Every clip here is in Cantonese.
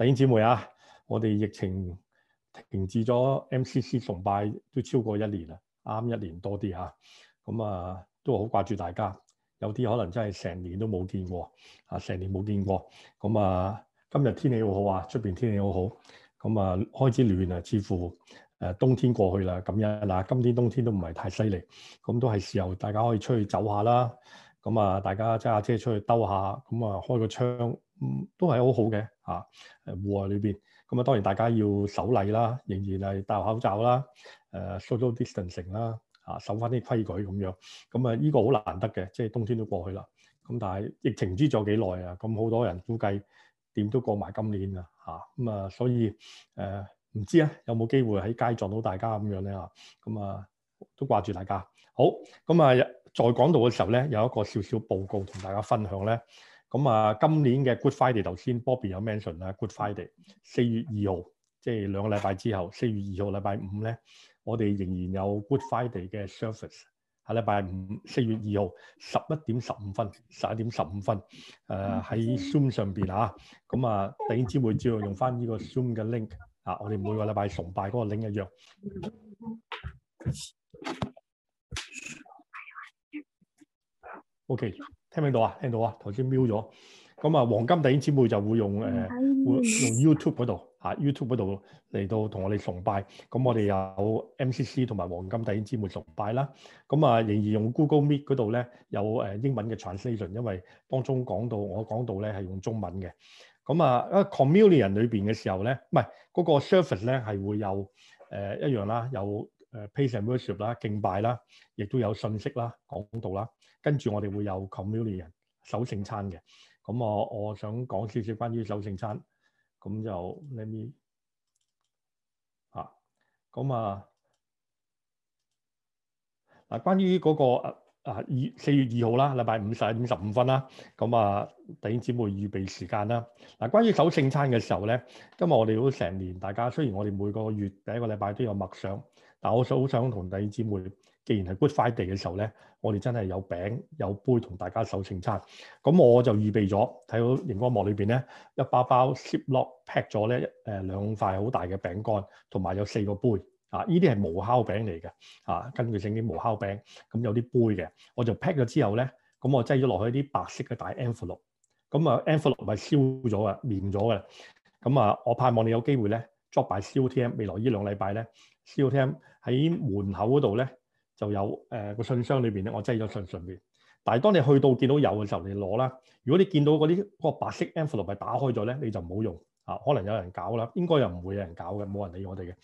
弟兄姊妹啊，我哋疫情停止咗 MCC 崇拜都超過一年啦，啱一年多啲吓。咁啊，都好掛住大家。有啲可能真係成年都冇見過啊，成年冇見過。咁啊，啊，今日天氣好好啊，出邊天氣好好。咁啊，開始暖啊，似乎誒、啊、冬天過去啦咁樣嗱。今年、啊、冬天都唔係太犀利，咁、啊、都係時候大家可以出去走下啦。咁啊，大家揸下車出去兜下，咁啊開個窗。嗯，都係好好嘅嚇。誒、啊、戶外裏邊，咁啊當然大家要守禮啦，仍然係戴口罩啦，誒 social distancing 啦，嚇、啊、守翻啲規矩咁樣。咁啊依、啊這個好難得嘅，即係冬天都過去啦。咁、啊、但係疫情唔知再幾耐啊，咁好多人估計點都過埋今年啊嚇。咁啊所以誒唔、啊、知啊有冇機會喺街撞到大家咁樣咧嚇。咁啊，啊都掛住大家。好，咁啊在講到嘅時候咧，有一個少少報告同大家分享咧。咁啊、嗯，今年嘅 Good Friday，頭先 Bobbi 有 mention 啦。Good Friday，四月二號，即係兩個禮拜之後，四月二號禮拜五咧，我哋仍然有 Good Friday 嘅 service，下禮拜五，四月二號十一點十五分，十一點十五分，誒、呃、喺 Zoom 上邊啊。咁、嗯、啊，等陣之後會照用翻呢個 Zoom 嘅 link 啊，我哋每個禮拜崇拜嗰個 link 一樣。OK。聽唔聽到啊？聽到啊！頭先瞄咗，咁啊，黃金弟兄姊妹就會用誒，呃、會用 you YouTube 嗰度嚇，YouTube 嗰度嚟到同我哋崇拜。咁我哋有 MCC 同埋黃金弟兄姊妹崇拜啦。咁啊，仍然用 Google Meet 嗰度咧，有誒英文嘅 translation，因為當中講到我講到咧係用中文嘅。咁啊，啊 communion 裏邊嘅時候咧，唔係嗰個 service 咧係會有誒、呃、一樣啦，有誒 praise and worship 啦，敬拜啦，亦都有信息啦，講到啦。跟住我哋會有 communion 人守聖餐嘅，咁、嗯、我我想講少少關於守聖餐，咁、嗯、就 let me 嚇、啊，咁、嗯、啊嗱，關於嗰個啊二四、啊啊、月二號啦，禮拜五上午十五分啦，咁啊弟兄姐妹預備時間啦，嗱、啊，關於守聖餐嘅時候咧，今日我哋都成年。大家雖然我哋每個月第一個禮拜都有默想，但我想好想同弟兄姐妹。既然係 Good Friday 嘅時候咧，我哋真係有餅有杯同大家守聖餐。咁我就預備咗睇到熒光幕裏邊咧，一包包 Ziploc pack 咗咧，誒兩塊好大嘅餅乾，同埋有四個杯啊！呢啲係無酵餅嚟嘅啊，跟住整啲無酵餅咁有啲杯嘅，我就 pack 咗之後咧，咁、嗯、我擠咗落去啲白色嘅大 envelope 咁啊 envelope 咪燒咗嘅，綿咗嘅。咁啊，我盼望你有機會咧，drop by COTM 未來兩呢兩禮拜咧，COTM 喺門口嗰度咧。就有誒個信箱裏邊咧，我擠咗信上邊。但係當你去到見到有嘅時候，你攞啦。如果你見到嗰啲嗰個白色 Envelope 係打開咗咧，你就唔好用啊。可能有人搞啦，應該又唔會有人搞嘅，冇人理我哋嘅。咁、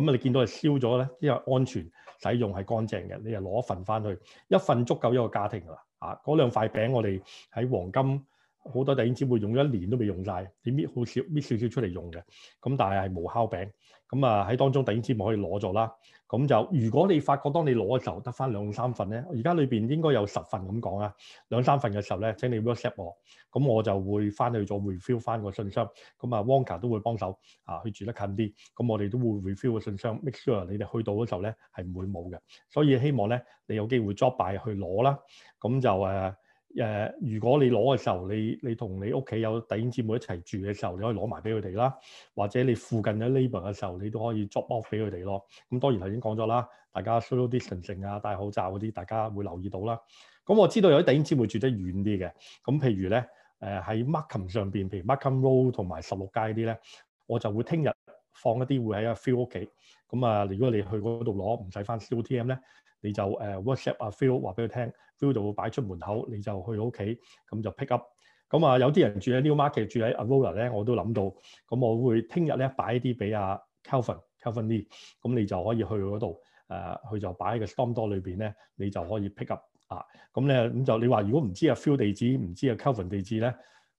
嗯、啊，你見到係燒咗咧，因為安全使用係乾淨嘅，你啊攞一份翻去，一份足夠一個家庭啦。啊，嗰兩塊餅我哋喺黃金好多弟兄姊妹用咗一年都未用晒，你搣好少搣少少出嚟用嘅。咁、嗯、但係係無酵餅，咁、嗯嗯嗯、啊喺當中弟兄姊妹可以攞咗啦。咁就如果你發覺當你攞嘅時候得翻兩三份咧，而家裏邊應該有十份咁講啊，兩三份嘅時候咧，請你 WhatsApp 我，咁我就會翻去再 review 翻個信箱，咁啊 Wongka 都會幫手啊，佢住得近啲，咁我哋都會 review 個信箱，make sure 你哋去到嗰時候咧係唔會冇嘅，所以希望咧你有機會 drop by 去攞啦，咁就誒。呃誒，如果你攞嘅時候，你你同你屋企有弟兄姊妹一齊住嘅時候，你可以攞埋俾佢哋啦。或者你附近有 labour 嘅時候，你都可以 job off 俾佢哋咯。咁當然頭先講咗啦，大家 social distancing 啊，戴口罩嗰啲，大家會留意到啦。咁我知道有啲弟兄姊妹住得遠啲嘅，咁譬如咧，誒喺 Macam 上邊，譬如 Macam Road 同埋十六街啲咧，我就會聽日放一啲會喺阿 Phil 屋企。咁啊，如果你去嗰度攞，唔使翻 COTM 咧。你就誒 WhatsApp 啊，Phil 話俾佢聽，Phil 就會擺出門口，你就去屋企，咁就 pick up。咁啊，有啲人住喺 New Market，住喺 Aurora 咧，我都諗到，咁我會聽日咧擺啲俾阿 Kelvin，Kelvin Lee。咁你就可以去嗰度，誒、啊，佢就擺喺個 storm door 裏邊咧，你就可以 pick up。啊，咁咧，咁就你話如果唔知啊 Phil 地址，唔知啊 Kelvin 地址咧，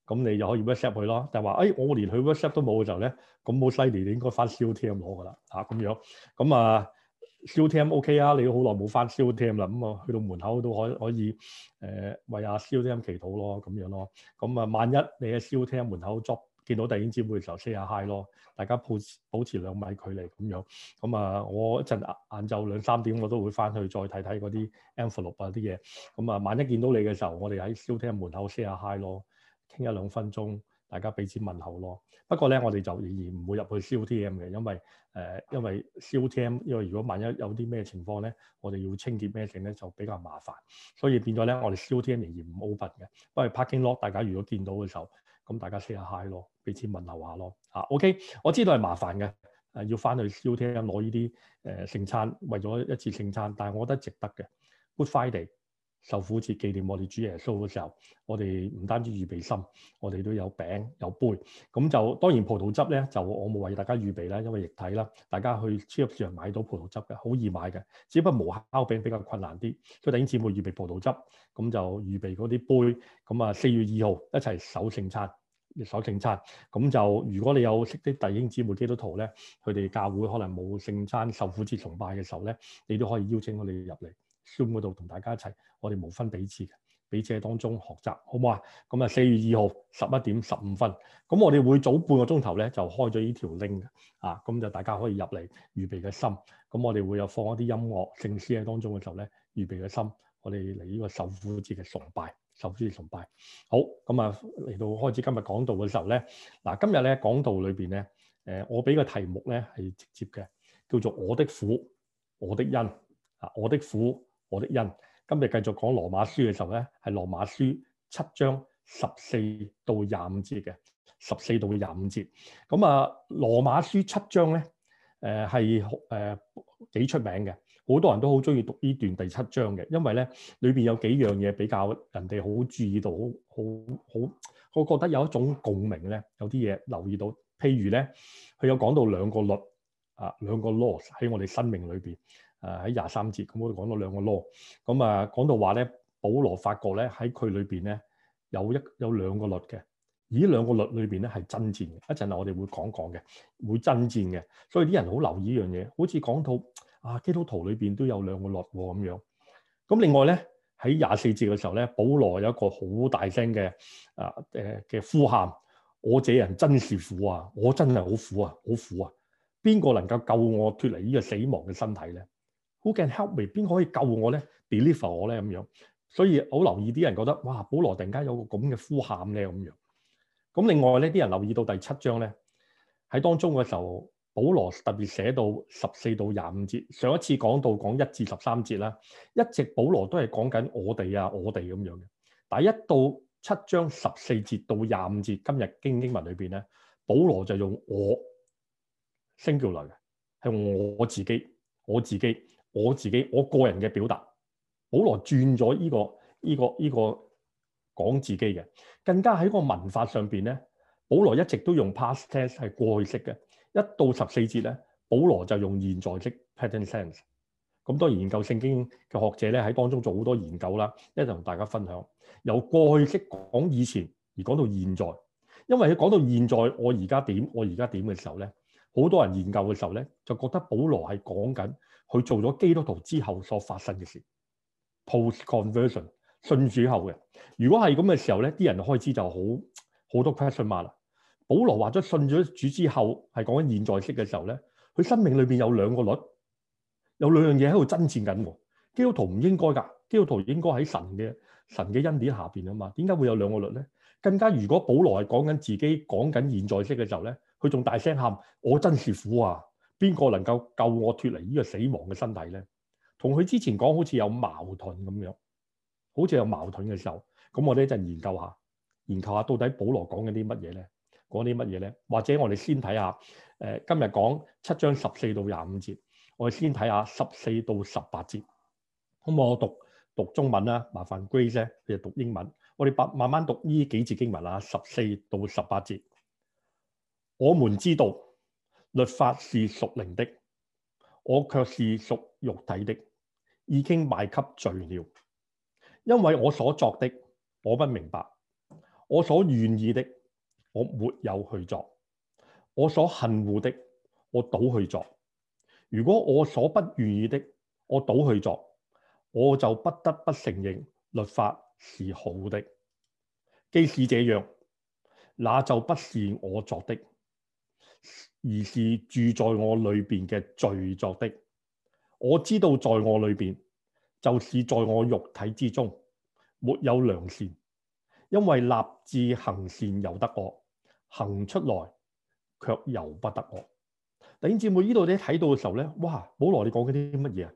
咁你就可以 WhatsApp 佢咯。但係話，誒、哎，我連佢 WhatsApp 都冇嘅時候咧，咁冇犀利，你應該返 COTM 攞噶啦，嚇、啊、咁樣，咁啊。燒 tea M O K 啊！Okay, 你都好耐冇翻燒 tea M 啦，咁、嗯、啊去到門口都可以可以誒、呃、為阿燒 tea M 祈禱咯，咁樣咯。咁、嗯、啊，萬一你喺燒 tea M 門口 j o 見到弟兄姊妹嘅時候 say 下 hi 咯，大家保持保持兩米距離咁樣。咁、嗯、啊，我一陣晏晝兩三點我都會翻去再睇睇嗰啲 envelope 啊啲嘢。咁、嗯、啊，萬一見到你嘅時候，我哋喺燒 tea M 門口 say 下 hi 咯，傾一兩分鐘，大家俾錢問候咯，不過咧我哋就仍然唔會入去 COTM 嘅，因為誒、呃、因為 COTM 因為如果萬一有啲咩情況咧，我哋要清潔咩淨咧就比較麻煩，所以變咗咧我哋 COTM 仍然唔 open 嘅，不過 parking lot 大家如果見到嘅時候，咁大家 say hi 咯，俾錢問候下咯，嚇、啊、OK，我知道係麻煩嘅，誒、呃、要翻去 COTM 攞呢啲誒聖餐，為咗一次聖餐，但係我覺得值得嘅，Good Friday。 受苦節紀念我哋主耶穌嘅時候，我哋唔單止預備心，我哋都有餅有杯。咁就當然葡萄汁咧，就我冇為大家預備啦，因為液體啦，大家去超級市場買到葡萄汁嘅，好易買嘅。只不過無烤餅比較困難啲，所以弟兄姊妹預備葡萄汁，咁就預備嗰啲杯。咁啊，四月二號一齊守聖餐，守聖餐。咁就如果你有識啲弟兄姊妹基督徒咧，佢哋教會可能冇聖餐受苦節崇拜嘅時候咧，你都可以邀請我哋入嚟。Zoom 嗰度同大家一齊，我哋無分彼此嘅，彼此喺當中學習，好唔好啊？咁、嗯、啊，四月二號十一點十五分，咁我哋會早半個鐘頭咧就開咗呢條 link 嘅，啊，咁、嗯、就大家可以入嚟預備嘅心，咁、啊嗯、我哋會有放一啲音樂，聖詩喺當中嘅時候咧預備嘅心，我哋嚟呢個受苦節嘅崇拜，受苦節崇拜。好，咁啊嚟到開始今日講道嘅時候咧，嗱、啊、今日咧講道裏邊咧，誒、呃、我俾個題目咧係直接嘅，叫做我的苦，我的恩，啊，啊，啊我的苦。我的恩，今日繼續講羅馬書嘅時候咧，係羅馬書七章十四到廿五節嘅十四到廿五節。咁啊，羅馬書七章咧，誒係誒幾出名嘅，好多人都好中意讀呢段第七章嘅，因為咧裏邊有幾樣嘢比較人哋好注意到，好好好，我覺得有一種共鳴咧，有啲嘢留意到。譬如咧，佢有講到兩個律啊，兩個 laws 喺我哋生命裏邊。誒喺廿三節咁，我哋講到兩個羅咁、嗯、啊。講到話咧，保羅發覺咧喺佢裏邊咧有一有兩個律嘅。而呢兩個律裏邊咧係爭戰嘅。講一陣我哋會講講嘅，會爭戰嘅。所以啲人好留意呢樣嘢，好似講到啊，基督徒裏邊都有兩個律咁樣。咁、啊、另外咧喺廿四節嘅時候咧，保羅有一個好大聲嘅啊誒嘅、呃、呼喊：我這人真是苦啊！我真係好苦啊，好苦啊！邊個能夠救我脫離呢個死亡嘅身體咧？Who can help me？邊個可以救我咧？Deliver 我咧咁樣，所以好留意，啲人覺得，哇！保羅突然間有個咁嘅呼喊咧咁樣。咁另外呢啲人留意到第七章咧，喺當中嘅時候，保羅特別寫到十四到廿五節。上一次講到講一至十三節啦，一直保羅都係講緊我哋啊，我哋咁樣嘅。但係一到七章十四節到廿五節，今日經英文裏邊咧，保羅就用我 Singular 嚟嘅，係我自己，我自己。我自己我個人嘅表達，保羅轉咗呢個呢個呢個講自己嘅，更加喺個文法上邊咧。保羅一直都用 past tense 係過去式嘅，一到十四節咧，保羅就用現在式 present tense。咁當然研究聖經嘅學者咧喺當中做好多研究啦，一就同大家分享由過去式講以前而講到現在，因為佢講到現在，我而家點，我而家點嘅時候咧，好多人研究嘅時候咧就覺得保羅係講緊。佢做咗基督徒之後所發生嘅事，post conversion 信主後嘅，如果係咁嘅時候咧，啲人開始就好好多 question mark 啦。保羅話咗信咗主之後係講緊現在式嘅時候咧，佢生命裏邊有兩個律，有兩樣嘢喺度爭戰緊。基督徒唔應該㗎，基督徒應該喺神嘅神嘅恩典下邊啊嘛。點解會有兩個律咧？更加如果保羅係講緊自己講緊現在式嘅時候咧，佢仲大聲喊：我真是苦啊！邊個能夠救我脫離呢個死亡嘅身體咧？同佢之前講好似有矛盾咁樣，好似有矛盾嘅時候，咁我哋一陣研究下，研究下到底保羅講緊啲乜嘢咧？講啲乜嘢咧？或者我哋先睇下，誒、呃、今日講七章十四到廿五節，我哋先睇下十四到十八節。咁我讀讀中文啦，麻煩 Grace 佢就讀英文。我哋慢慢讀呢幾節經文啦，十四到十八節。我們知道。律法是屬靈的，我卻是屬肉體的，已經賣給罪了。因為我所作的我不明白，我所願意的我沒有去做；我所恨惡的我倒去做；如果我所不願意的我倒去做。我就不得不承認律法是好的。既是這樣，那就不是我作的。而是住在我裏邊嘅罪作的，我知道在我裏邊，就是在我肉體之中沒有良善，因為立志行善由得我，行出來卻由不得我。弟兄姊妹，呢度你睇到嘅時候咧，哇！保羅你講緊啲乜嘢啊？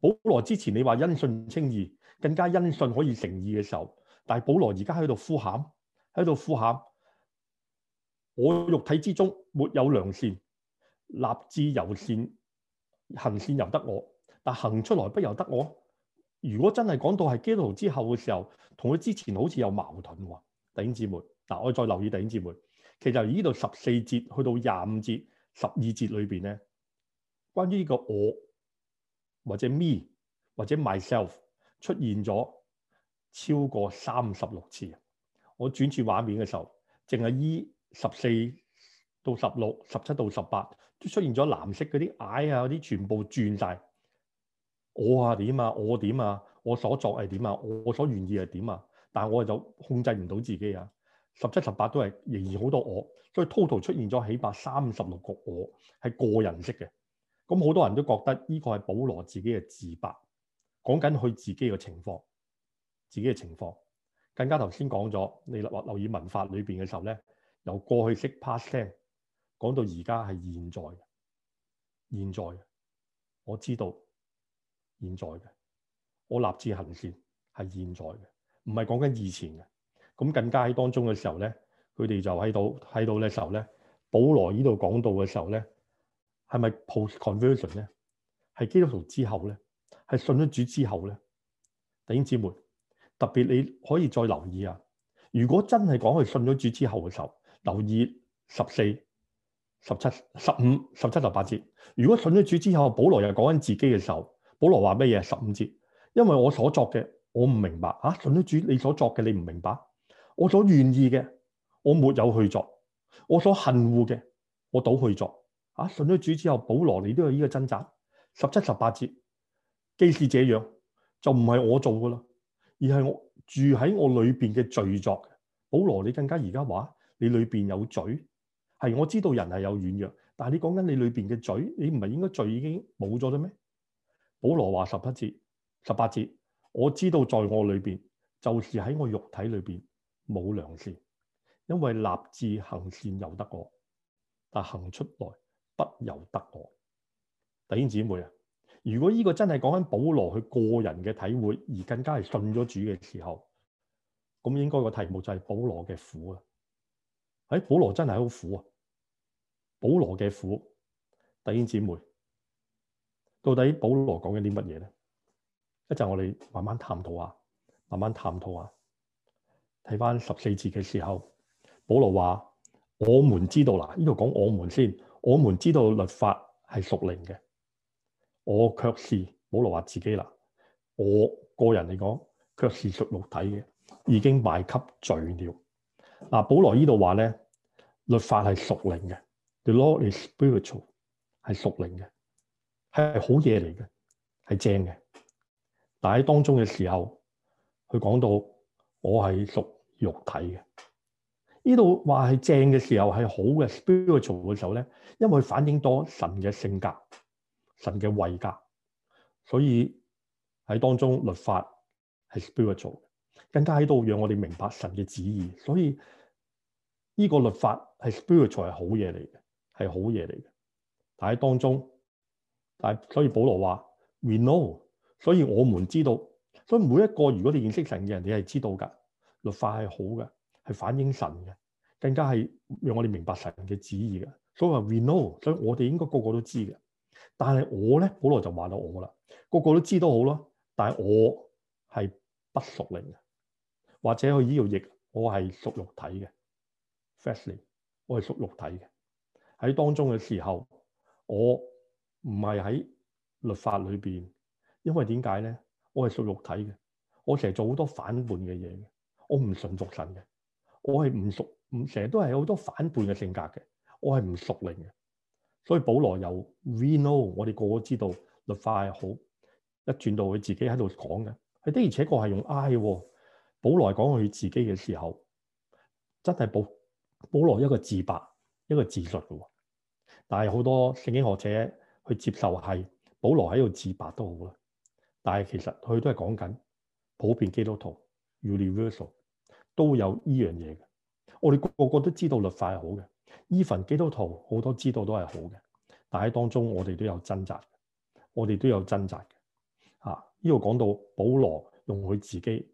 保羅之前你話因信稱義，更加因信可以成義嘅時候，但係保羅而家喺度呼喊，喺度呼喊。我肉體之中沒有良善，立志由善行善由得我，但行出來不由得我。如果真係講到係基督徒之後嘅時候，同佢之前好似有矛盾喎、啊。弟兄姊妹，嗱，我再留意弟兄姊妹。其實由呢度十四節去到廿五節、十二節裏邊咧，關於呢個我或者 me 或者 myself 出現咗超過三十六次。我轉轉畫面嘅時候，淨係依。十四到十六、十七到十八，都出現咗藍色嗰啲矮啊，嗰啲全部轉晒。我啊點啊，我點啊，我所作係點啊，我所願意係點啊，但係我就控制唔到自己啊。十七、十八都係仍然好多我，所以 total 出現咗起碼三十六個我係個人式嘅。咁好多人都覺得呢個係保羅自己嘅自白，講緊佢自己嘅情況，自己嘅情況。更加頭先講咗，你留留意文法裏邊嘅時候咧。由過去式拍聲，講到而家係現在嘅，現在嘅我知道現在嘅，我立志行善係現在嘅，唔係講緊以前嘅。咁更加喺當中嘅時候咧，佢哋就喺度喺度嘅時候咧，保羅呢度講到嘅時候咧，係咪 post-conversion 咧？係基督徒之後咧，係信咗主之後咧，弟兄姊妹特別你可以再留意啊。如果真係講佢信咗主之後嘅時候。留意十四、十七、十五、十七、十八節。如果信咗主之後，保羅又講緊自己嘅時候，保羅話乜嘢？十五節，因為我所作嘅，我唔明白。啊，信咗主，你所作嘅你唔明白，我所願意嘅，我沒有去作；我所恨惡嘅，我倒去作。啊，信咗主之後，保羅你都有呢個掙扎。十七、十八節，既是這樣，就唔係我做噶啦，而係我住喺我裏邊嘅罪作。保羅你更加而家話。你裏邊有罪。係我知道人係有軟弱，但係你講緊你裏邊嘅罪，你唔係應該罪已經冇咗啦咩？保羅話十八節，十八節，我知道在我裏邊，就是喺我肉體裏邊冇良善，因為立志行善由得我，但行出來不由得我。弟兄姊妹啊，如果呢個真係講緊保羅佢個人嘅體會，而更加係信咗主嘅時候，咁應該個題目就係保羅嘅苦啊。喺、哎、保羅真係好苦啊！保羅嘅苦，弟兄姊妹，到底保羅講緊啲乜嘢呢？一陣我哋慢慢探討啊，慢慢探討啊，睇翻十四節嘅時候，保羅話，我們知道嗱，呢度講我們先，我們知道律法係屬靈嘅，我卻是保羅話自己啦、啊，我個人嚟講，卻是屬肉體嘅，已經賣給罪了。嗱，保羅呢度話咧，律法係屬靈嘅，The law is spiritual，係屬靈嘅，係好嘢嚟嘅，係正嘅。但喺當中嘅時候，佢講到我係屬肉體嘅。呢度話係正嘅時候係好嘅，spiritual 嘅時候咧，因為反映到神嘅性格、神嘅位格，所以喺當中律法係 spiritual。更加喺度讓我哋明白神嘅旨意，所以呢個律法係 spiritual 係好嘢嚟嘅，係好嘢嚟嘅。但係當中，但係所以保羅話：we know，所以我們知道，所以每一個如果你認識神嘅人，你係知道噶律法係好嘅，係反映神嘅，更加係讓我哋明白神嘅旨意嘅。所以話 we know，所以我哋應該個個都知嘅。但係我咧，保羅就話到我啦，個個都知都好咯，但係我係不熟嚟嘅。或者去醫藥業，我係屬肉體嘅。fastly，我係屬肉體嘅喺當中嘅時候，我唔係喺律法裏邊，因為點解咧？我係屬肉體嘅，我成日做好多反叛嘅嘢嘅，我唔純屬神嘅，我係唔屬唔成日都係好多反叛嘅性格嘅，我係唔屬靈嘅。所以保羅有 we know，我哋個個知道律法係好一轉到佢自己喺度講嘅，佢的而且確係用 I。保羅講佢自己嘅時候，真係保保羅一個自白，一個自述嘅哦。但係好多聖經學者去接受係保羅喺度自白都好啦。但係其實佢都係講緊普遍基督徒 universal 都有呢樣嘢嘅。我哋個個都知道律法係好嘅，even 基督徒好多知道都係好嘅。但係當中我哋都有掙扎嘅，我哋都有掙扎嘅。啊，呢度講到保羅用佢自己。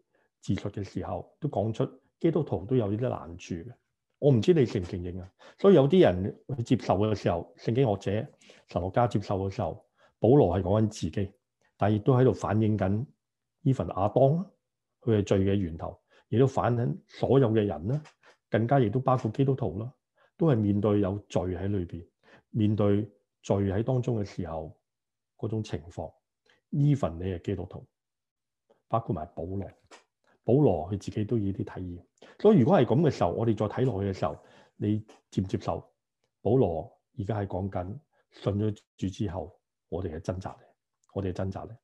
自述嘅時候都講出基督徒都有呢啲難處嘅，我唔知你承唔承認啊。所以有啲人去接受嘅時候，聖經學者、神學家接受嘅時候，保羅係講緊自己，但亦都喺度反映緊即使阿當佢係罪嘅源頭，亦都反映所有嘅人啦，更加亦都包括基督徒啦，都係面對有罪喺裏邊，面對罪喺當中嘅時候嗰種情況。即使你係基督徒，包括埋保羅。保羅佢自己都有啲體驗，所以如果係咁嘅時候，我哋再睇落去嘅時候，你接唔接受？保羅而家係講緊信咗主之後，我哋係掙扎嘅，我哋係掙扎嘅。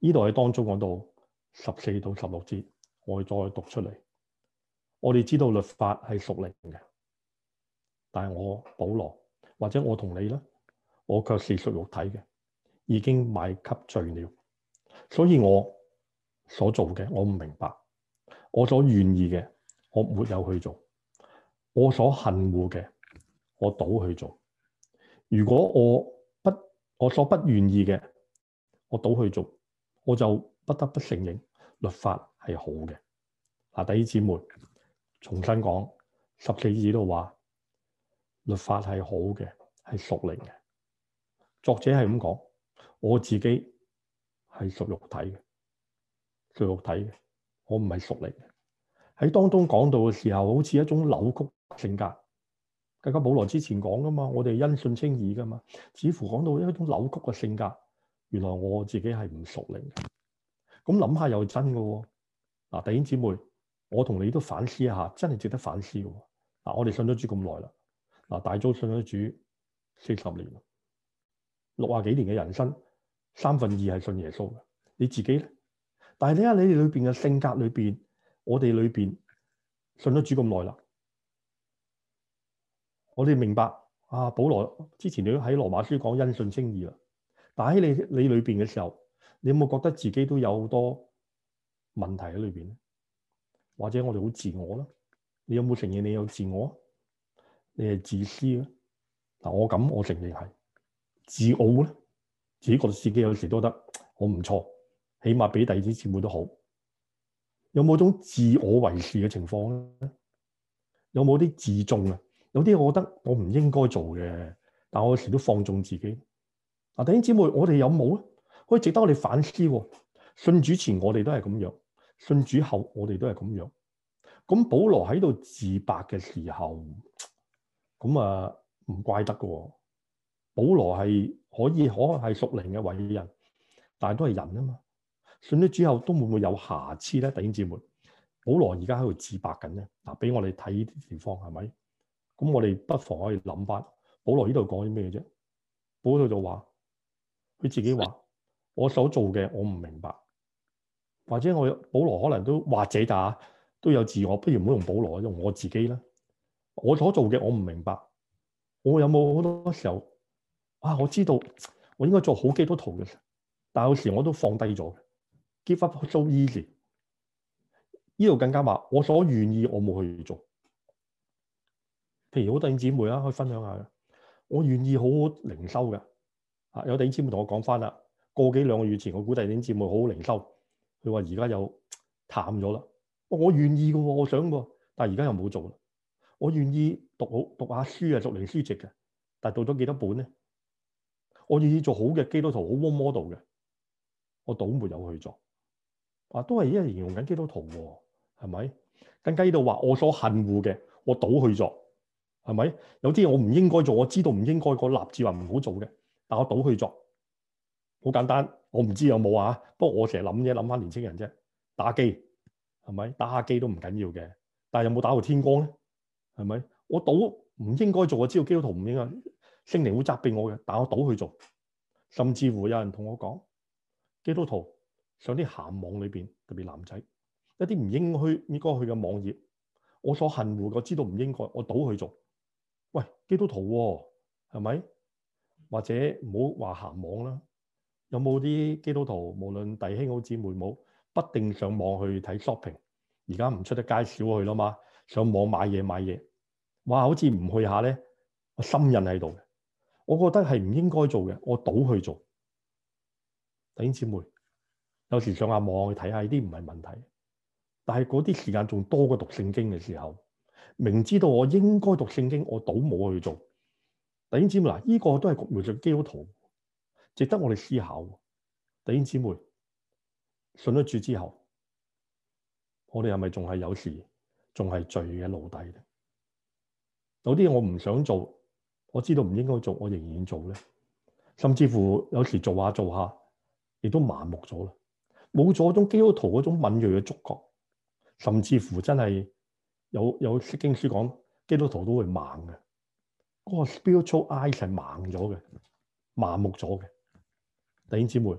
呢度喺當中講到十四到十六節，我們再讀出嚟。我哋知道律法係屬靈嘅，但係我保羅或者我同你咧，我卻是屬肉體嘅，已經賣給罪了，所以我所做嘅我唔明白。我所願意嘅，我沒有去做；我所恨惡嘅，我倒去做。如果我不我所不願意嘅，我倒去做，我就不得不承認律法係好嘅。嗱，弟兄姊妹，重新講十四字都話，律法係好嘅，係屬靈嘅。作者係咁講，我自己係屬肉體嘅，屬肉體嘅。我唔係熟嚟嘅，喺當中講到嘅時候，好似一種扭曲性格。更加保羅之前講噶嘛，我哋因信稱義噶嘛，似乎講到一種扭曲嘅性格。原來我自己係唔熟嚟嘅，咁諗下又係真噶、哦。嗱，弟兄姊妹，我同你都反思一下，真係值得反思噶。嗱、啊，我哋信咗主咁耐啦，嗱、啊、大早信咗主四十年，六啊幾年嘅人生，三分二係信耶穌嘅，你自己咧？但係睇下你哋裏邊嘅性格裏邊，我哋裏邊信咗主咁耐啦，我哋明白啊，保羅之前你都喺羅馬書講因信稱義啦。但喺你你裏邊嘅時候，你有冇覺得自己都有好多問題喺裏邊咧？或者我哋好自我咯？你有冇承認你有自我？你係自私？嗱，我咁，我承認係自傲咧，自己覺得自己有時都得我唔錯。起碼俾弟兄姊妹都好，有冇種自我為是嘅情況咧？有冇啲自重啊？有啲我覺得我唔應該做嘅，但我有時都放縱自己。啊，弟兄姊妹，我哋有冇咧？可以值得我哋反思。信主前我哋都係咁樣，信主後我哋都係咁樣。咁保羅喺度自白嘅時候，咁啊唔怪得嘅，哦。保羅係可以可係屬靈嘅偉人，但係都係人啊嘛。信咗之後都會唔會有瑕疵咧？弟兄姊妹，保羅而家喺度自白緊咧，嗱，俾我哋睇呢啲地方係咪？咁我哋不妨可以諗翻，保羅呢度講啲咩嘢啫？保羅就話佢自己話，我所做嘅我唔明白，或者我保羅可能都或者打都有自我，不如唔好用保羅，用我自己啦。我所做嘅我唔明白，我有冇好多時候啊？我知道我應該做好基督徒嘅，但係有時我都放低咗。give up so easy，呢度更加話我所願意，我冇去做。譬如我弟兄姊妹啊，可以分享下，我願意好好靈修嘅。啊，有弟兄姊妹同我講翻啦，過幾兩個月前我估弟兄姊妹好好靈修，佢話而家又淡咗啦。我願意嘅喎，我想喎，但係而家又冇做。我願意讀好讀下書啊，讀靈書籍嘅，但係讀咗幾多本咧？我願意做好嘅基督徒，好 warm model 嘅，我倒沒有去做。啊，都係依家形容緊基督徒喎、啊，係咪？更加呢度話，我所恨惡嘅，我倒去作，係咪？有啲嘢我唔應該做，我知道唔應該，個立志話唔好做嘅，但我倒去作。好簡單，我唔知有冇啊。不過我成日諗嘢諗翻年青人啫，打機係咪？打下機都唔緊要嘅，但係有冇打到天光咧？係咪？我倒唔應該做，我知道基督徒唔應該，聖靈會責備我嘅，但我倒去做。甚至乎有人同我講，基督徒。上啲鹹網裏邊，特別男仔一啲唔應去、唔應該去嘅網頁，我所恨惡嘅，我知道唔應該，我倒去做。喂，基督徒喎、哦，係咪？或者唔好話鹹網啦，有冇啲基督徒，無論弟兄好姊妹冇，不定上網去睇 shopping，而家唔出得街少去啦嘛，上網買嘢買嘢，哇，好似唔去下咧，我心癮喺度嘅，我覺得係唔應該做嘅，我倒去做。弟兄姊妹。有時上下網去睇下呢啲唔係問題，但係嗰啲時間仲多過讀聖經嘅時候，明知道我應該讀聖經，我倒冇去做。弟兄姊妹嗱，呢、這個都係描述基督徒值得我哋思考。弟兄姊妹信咗主之後，我哋係咪仲係有時仲係罪嘅奴隸咧？有啲嘢我唔想做，我知道唔應該做，我仍然做咧。甚至乎有時做下做下，亦都麻木咗啦。冇咗嗰種基督徒嗰種敏鋭嘅觸覺，甚至乎真係有有聖經書講基督徒都會盲嘅。嗰、嗰個 spiritual eyes 係盲咗嘅、麻木咗嘅弟兄姊妹。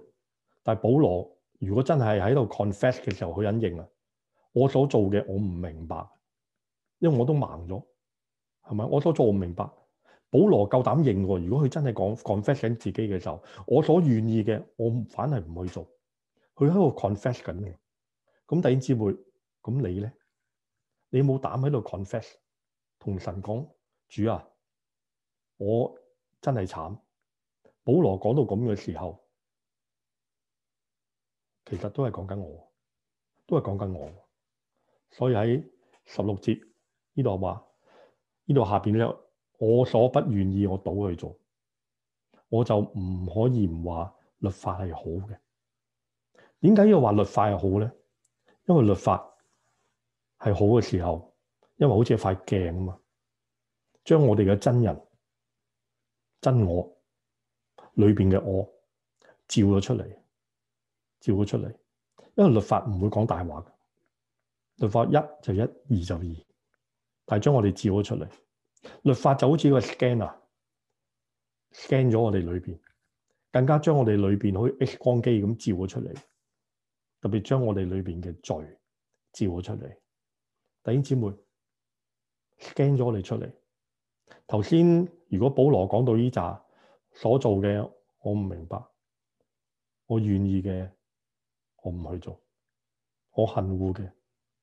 但係保羅如果真係喺度 confess 嘅時候，佢肯認啊，我所做嘅我唔明白，因為我都盲咗，係咪？我所做我唔明白。保羅夠膽認喎，如果佢真係講 confess 緊自己嘅時候，我所願意嘅我反係唔去做。佢喺度 confess 緊嘅，咁第二姊妹，咁你呢，你冇膽喺度 confess 同神講，主啊，我真係慘。保羅講到咁嘅時候，其實都係講緊我，都係講緊我。所以喺十六節呢度話，呢度下面呢，我所不願意我倒去做，我就唔可以唔話律法係好嘅。點解要話律法係好咧？因為律法係好嘅時候，因為好似一塊鏡啊嘛，將我哋嘅真人、真我裏邊嘅我照咗出嚟，照咗出嚟。因為律法唔會講大話嘅，律法一就一，二就二，但係將我哋照咗出嚟。律法就好似個 scan 啊，scan 咗我哋裏邊，更加將我哋裏邊好似 X 光機咁照咗出嚟。特別將我哋裏面嘅罪召咗出嚟，弟兄姐妹 scan 咗我出嚟。頭先如果保羅講到呢扎所做嘅，我唔明白。我願意嘅，我唔去做；我恨惡嘅，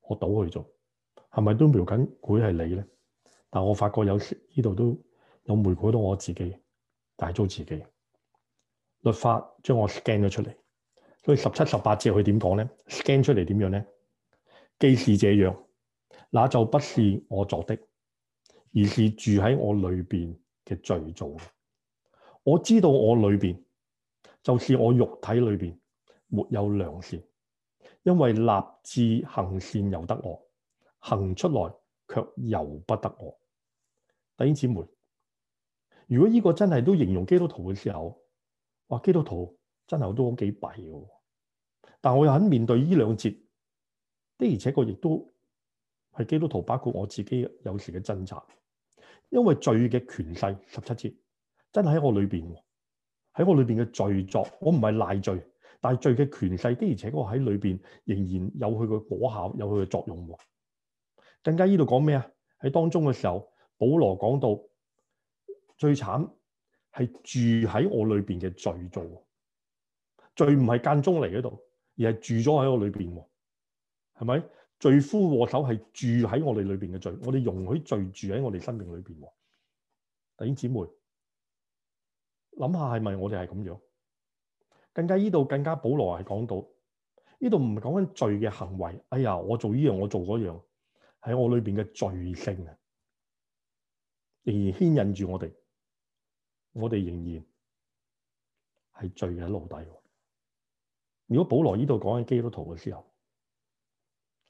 我倒去做。係咪都描緊鬼係你呢？但我發覺有呢度都有描繪到我自己，大租自己律法將我 scan 咗出嚟。佢，十七十八節佢點講呢？scan 出嚟點樣呢？既是這樣，那就不是我作的，而是住喺我裏邊嘅罪做。我知道我裏邊，就是我肉體裏邊沒有良善，因為立志行善由得我，行出來卻由不得我。弟兄姊妹，如果依個真係都形容基督徒嘅時候，哇！基督徒真係都幾弊嘅。但我又肯面對呢兩節，的而且確亦都係基督徒，包括我自己有時嘅掙扎，因為罪嘅權勢十七節真係喺我裏邊，喺我裏邊嘅罪作，我唔係賴罪，但係罪嘅權勢的而且確喺裏邊仍然有佢嘅果效，有佢嘅作用。更加呢度講咩啊？喺當中嘅時候，保羅講到最慘係住喺我裏邊嘅罪作，罪唔係間中嚟嗰度。而係住咗喺我裏邊，係咪罪魁禍首，係住喺我哋裏邊嘅罪？我哋容許罪住喺我哋生命裏邊。弟兄姊妹，諗下係咪我哋係咁樣？更加呢度更加保羅係講到呢度唔係講緊罪嘅行為。哎呀，我做呢樣，我做嗰樣，係我裏邊嘅罪性啊，仍然牽引住我哋，我哋仍然係罪嘅奴隸。如果保羅依度講嘅基督徒嘅時候，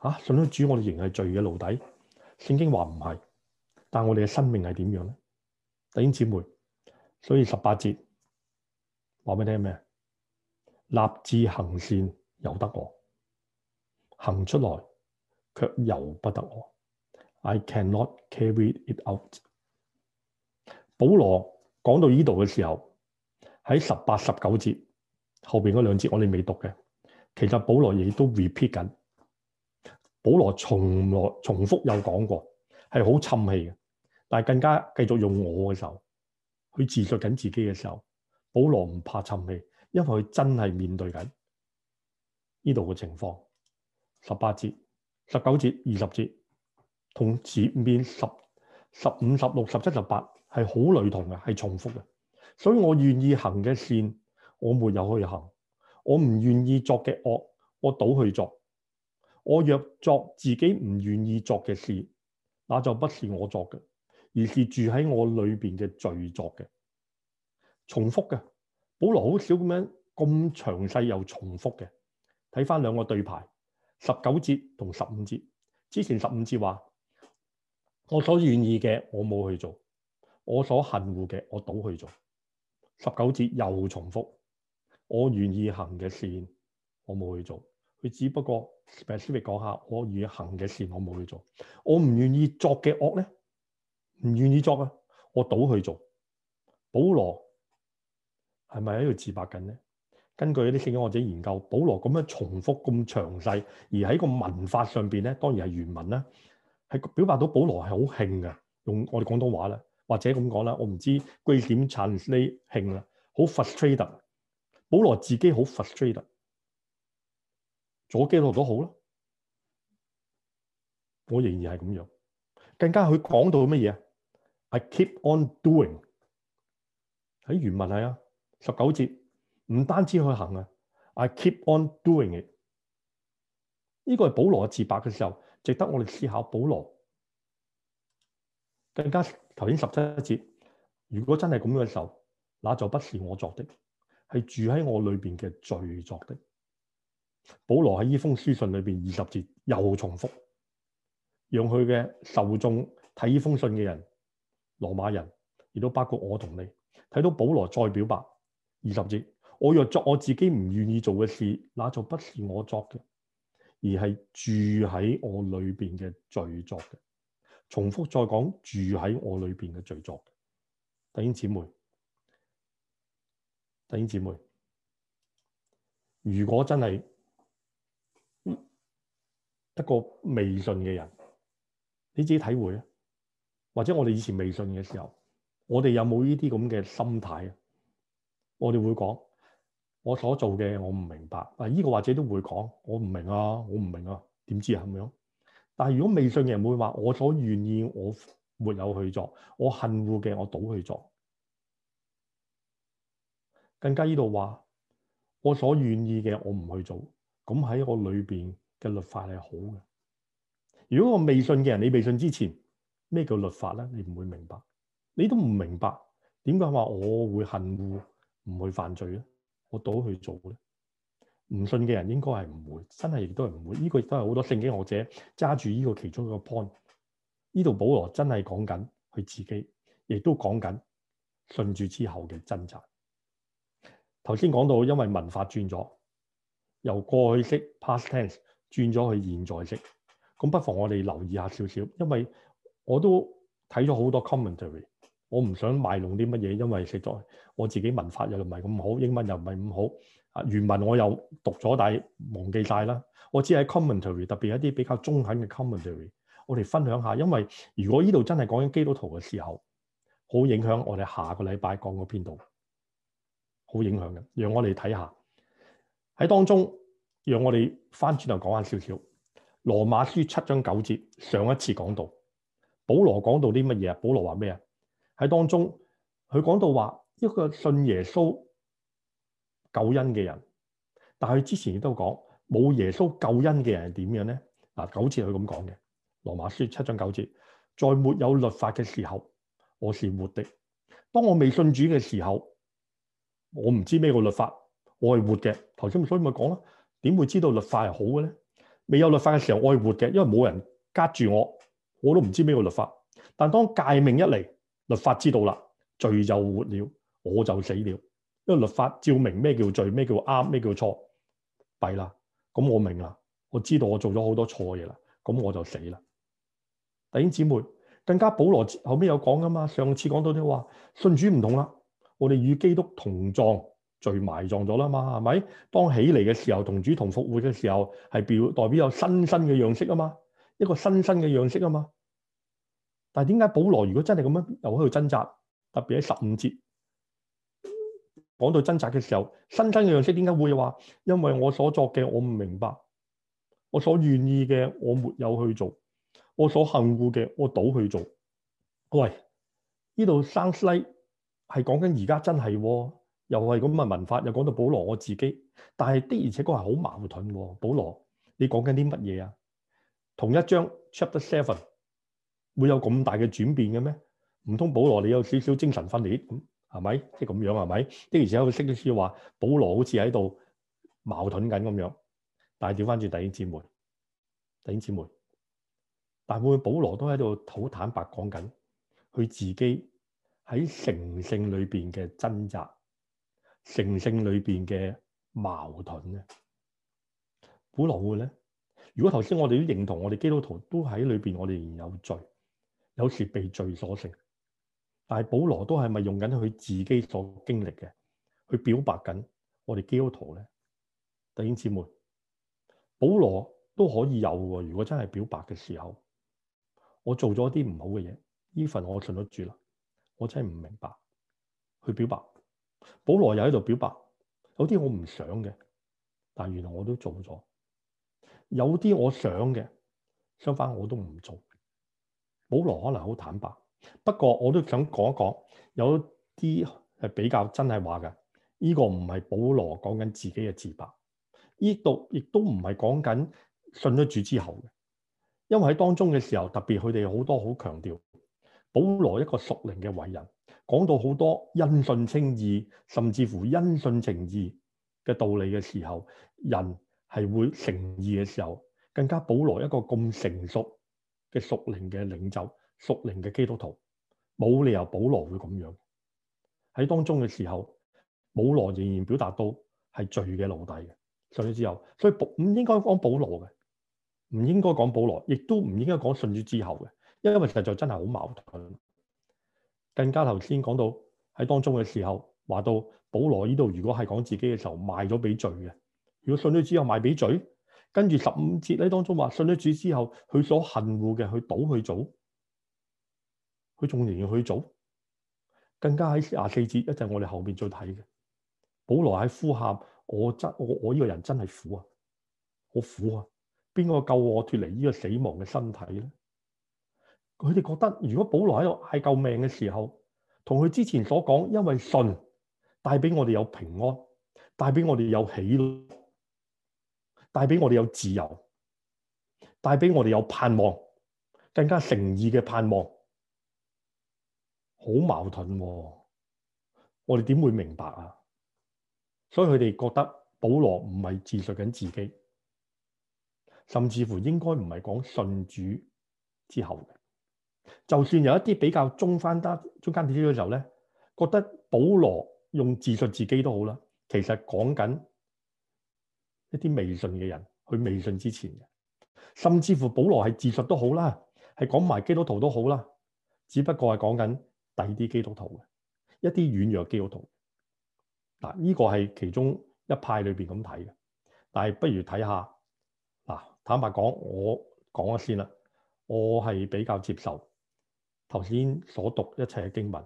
吓、啊、信，信主我哋仍係罪嘅奴隸，聖經話唔係，但我哋嘅生命係點樣呢？弟兄姊妹，所以十八節話俾你聽咩？立志行善由得我，行出來卻由不得我。I cannot carry it out。保羅講到依度嘅時候，喺十八十九節。後面嗰兩節我哋未讀嘅，其實保羅亦都 repeat 緊，保羅從來重複有講過，係好沉氣嘅，但係更加繼續用我嘅手去自述緊自己嘅時候，保羅唔怕沉氣，因為佢真係面對緊呢度嘅情況。十八節、十九節、二十節，字 10, 15, 16, 17, 18, 同前面十、十五、十六、十七、十八係好類同嘅，係重複嘅，所以我願意行嘅線。我沒有去行，我唔願意作嘅惡，我倒去做。我若作自己唔願意作嘅事，那就不是我作嘅，而是住喺我裏邊嘅罪作嘅重複嘅。保羅好少咁樣咁詳細又重複嘅，睇翻兩個對牌：十九節同十五節。之前十五節話我所願意嘅我冇去做，我所恨惡嘅我倒去做。十九節又重複。我願意行嘅善，我冇去做。佢只不過 specific 講下，我願意行嘅善，我冇去做。我唔願意作嘅惡咧，唔願意作啊，我倒去做。保羅係咪喺度自白緊咧？根據一啲聖經學者研究，保羅咁樣重複咁詳細，而喺個文法上邊咧，當然係原文啦。係表達到保羅係好興嘅，用我哋廣東話咧，或者咁講啦，我唔知據點產呢興啦，好 frustrated。保羅自己好 frustrated，做基諾都好啦，我仍然係咁樣，更加佢講到乜嘢啊？I keep on doing 喺、哎、原文係啊，十九節唔單止去行啊，I keep on doing it。呢個係保羅自白嘅時候，值得我哋思考保羅。保羅更加頭先十七節，如果真係咁樣嘅時候，那就不是我作的。係住喺我裏邊嘅罪作的。保羅喺呢封書信裏邊二十節又重複，讓佢嘅受眾睇呢封信嘅人，羅馬人，亦都包括我同你，睇到保羅再表白二十節，我若作我自己唔願意做嘅事，那就不是我作嘅，而係住喺我裏邊嘅罪作嘅。重複再講住喺我裏邊嘅罪作嘅。弟兄姊妹。弟兄姐妹，如果真係一個未信嘅人，你自己體會啊，或者我哋以前未信嘅時候，我哋有冇呢啲咁嘅心態，這個、啊？我哋會講我所做嘅我唔明白，嗱呢個或者都會講，我唔明啊，我唔明啊，點知啊咁樣。但係如果未信嘅人會話，我所願意我沒有去做；我恨惡嘅我倒去做。」更加呢度話，我所願意嘅我唔去做，咁喺我裏邊嘅律法係好嘅。如果我未信嘅人，你未信之前，咩叫律法咧？你唔會明白，你都唔明白點解話我會恨惡，唔會犯罪咧？我倒去做咧？唔信嘅人應該係唔會，真係亦都係唔會。呢、這個亦都係好多聖經學者揸住呢個其中一個 point。呢度保羅真係講緊佢自己，亦都講緊信住之後嘅掙扎。頭先講到，因為文法轉咗，由過去式 （past tense） 轉咗去現在式，咁不妨我哋留意下少少。因為我都睇咗好多 commentary，我唔想賣弄啲乜嘢，因為實在我自己文法又唔係咁好，英文又唔係咁好啊。原文我又讀咗，但係忘記晒啦。我只係 commentary，特別一啲比較中肯嘅 commentary，我哋分享下。因為如果呢度真係講緊基督徒嘅時候，好影響我哋下個禮拜講嗰篇度。好影響嘅，讓我哋睇下喺當中，讓我哋翻轉頭講下少少《羅馬書》七章九節，上一次講到，保羅講到啲乜嘢啊？保羅話咩啊？喺當中佢講到話一個信耶穌救恩嘅人，但係佢之前亦都講冇耶穌救恩嘅人係點樣咧？嗱，九節佢咁講嘅，《羅馬書》七章九節，在沒有律法嘅時候，我是活的；當我未信主嘅時候。我唔知咩叫律法，我係活嘅。頭先所以咪講啦，點會知道律法係好嘅呢？未有律法嘅時候，我係活嘅，因為冇人格住我，我都唔知咩叫律法。但當誡命一嚟，律法知道啦，罪就活了，我就死了。因為律法照明咩叫罪，咩叫啱，咩叫錯，弊啦。咁我明啦，我知道我做咗好多錯嘢啦，咁我就死啦。弟兄姊妹，更加保羅後邊有講噶嘛？上次講到啲話，信主唔同啦。我哋與基督同葬、同埋葬咗啦嘛，係咪？當起嚟嘅時候，同主同復活嘅時候，係表代表有新生嘅樣式啊嘛，一個新生嘅樣式啊嘛。但係點解保羅如果真係咁樣又喺度掙扎，特別喺十五節講到掙扎嘅時候，新生嘅樣式點解會話？因為我所作嘅我唔明白，我所願意嘅我沒有去做，我所恨惡嘅我倒去做。各位，呢度山西。係講緊而家真係、哦，又係咁嘅文法又講到保羅我自己，但係的而且確係好矛盾。保羅，你講緊啲乜嘢啊？同一章 chapter seven 會有咁大嘅轉變嘅咩？唔通保羅你有少少精神分裂，係咪？即係咁樣係咪？的而且確識咗書話保羅好似喺度矛盾緊咁樣，但係調翻轉，弟兄姊妹，弟兄姊妹，但會唔會保羅都喺度好坦白講緊佢自己？喺成性裏邊嘅掙扎，成性裏邊嘅矛盾咧，保羅咧，如果頭先我哋都認同我哋基督徒都喺裏邊，我哋仍有罪，有時被罪所成，但係保羅都係咪用緊佢自己所經歷嘅去表白緊我哋基督徒咧？弟兄姊妹，保羅都可以有喎。如果真係表白嘅時候，我做咗啲唔好嘅嘢，呢份我信得住啦。我真係唔明白，去表白。保羅又喺度表白，有啲我唔想嘅，但原來我都做咗。有啲我想嘅，相反我都唔做。保羅可能好坦白，不過我都想講一講，有啲係比較真係話嘅。呢個唔係保羅講緊自己嘅自白，呢度亦都唔係講緊信咗主之後嘅，因為喺當中嘅時候，特別佢哋好多好強調。保羅一個屬靈嘅偉人，講到好多因信稱義，甚至乎因信稱義嘅道理嘅時候，人係會誠意嘅時候，更加保羅一個咁成熟嘅屬靈嘅領袖，屬靈嘅基督徒，冇理由保羅會咁樣喺當中嘅時候，保羅仍然表達到係罪嘅奴隸嘅，信咗之後，所以保唔應該講保羅嘅，唔應該講保羅，亦都唔應該講信主之後嘅。因為實在真係好矛盾，更加頭先講到喺當中嘅時候，話到保羅呢度，如果係講自己嘅時候，賣咗俾罪嘅；如果信咗主後賣俾罪，跟住十五節呢，當中話信咗主之後，佢所恨惡嘅去倒去做，佢仲仍然去做。更加喺廿四節，一陣我哋後邊再睇嘅。保羅喺呼喊：我真我我呢個人真係苦啊，好苦啊！邊個救我脱離呢個死亡嘅身體咧？佢哋覺得，如果保羅喺度嗌救命嘅時候，同佢之前所講，因為信帶俾我哋有平安，帶俾我哋有喜樂，帶俾我哋有自由，帶俾我哋有盼望，更加誠意嘅盼望，好矛盾啊。我哋點會明白啊？所以佢哋覺得保羅唔係自述緊自己，甚至乎應該唔係講信主之後。就算有一啲比較中翻得中間啲嘅時候咧，覺得保羅用自述自己都好啦，其實講緊一啲未信嘅人去未信之前嘅，甚至乎保羅係自述都好啦，係講埋基督徒都好啦，只不過係講緊第二啲基督徒嘅一啲軟弱基督徒嗱，呢個係其中一派裏邊咁睇嘅，但係不如睇下嗱，坦白講我講咗先啦，我係比較接受。頭先所讀一切嘅經文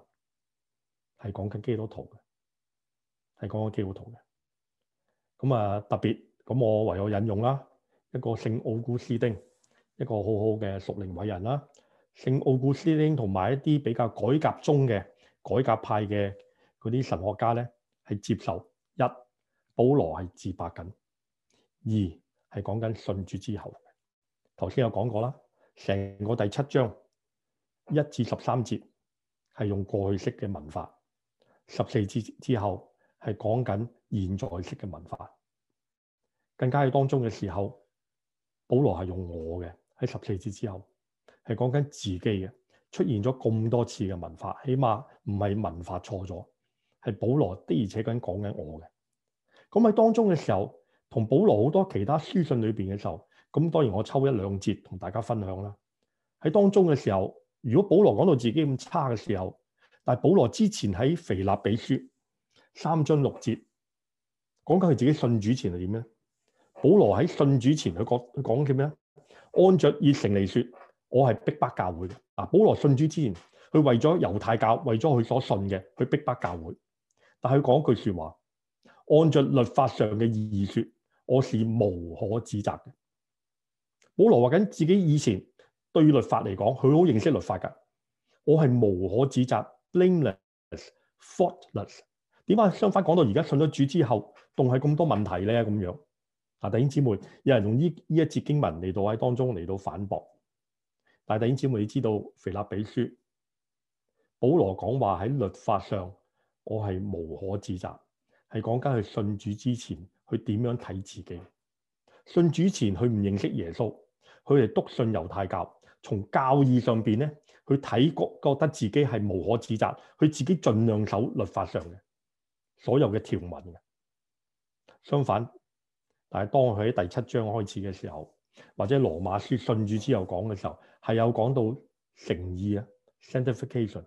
係講緊基督徒嘅，係講緊基督徒嘅。咁啊特別咁，我唯有引用啦一個聖奧古斯丁，一個好好嘅屬靈偉人啦。聖、啊、奧古斯丁同埋一啲比較改革宗嘅改革派嘅嗰啲神學家呢，係接受一保羅係自白緊，二係講緊信主之後。頭先有講過啦，成個第七章。一至十三節係用過去式嘅文法，十四節之後係講緊現在式嘅文法。更加喺當中嘅時候，保羅係用我嘅，喺十四節之後係講緊自己嘅，出現咗咁多次嘅文法，起碼唔係文法錯咗，係保羅的而且確講緊我嘅。咁喺當中嘅時候，同保羅好多其他書信裏邊嘅時候，咁當然我抽一兩節同大家分享啦。喺當中嘅時候。如果保羅講到自己咁差嘅時候，但係保羅之前喺腓立比書三章六節，講緊佢自己信主前係點咧？保羅喺信主前佢講佢講叫咩啊？按着熱誠嚟說，我係逼迫教會嘅。嗱，保羅信主之前，佢為咗猶太教，為咗佢所信嘅，去逼迫教會。但係佢講一句說話，按着律法上嘅意義說，我是無可指責嘅。保羅話緊自己以前。對於律法嚟講，佢好認識律法噶，我係無可指責，blameless，faultless。點解相反講到而家信咗主之後，仲係咁多問題咧咁樣？啊，弟兄姊妹，有人用呢呢一節經文嚟到喺當中嚟到反駁，但係弟兄姊妹你知道，腓立比書保羅講話喺律法上，我係無可指責，係講緊去信主之前，佢點樣睇自己？信主前佢唔認識耶穌，佢係篤信猶太教。從教義上邊咧，佢睇覺覺得自己係無可指責，佢自己盡量守律法上嘅所有嘅條文嘅。相反，但係當佢喺第七章開始嘅時候，或者羅馬書順住之後講嘅時候，係有講到誠意啊，sanctification，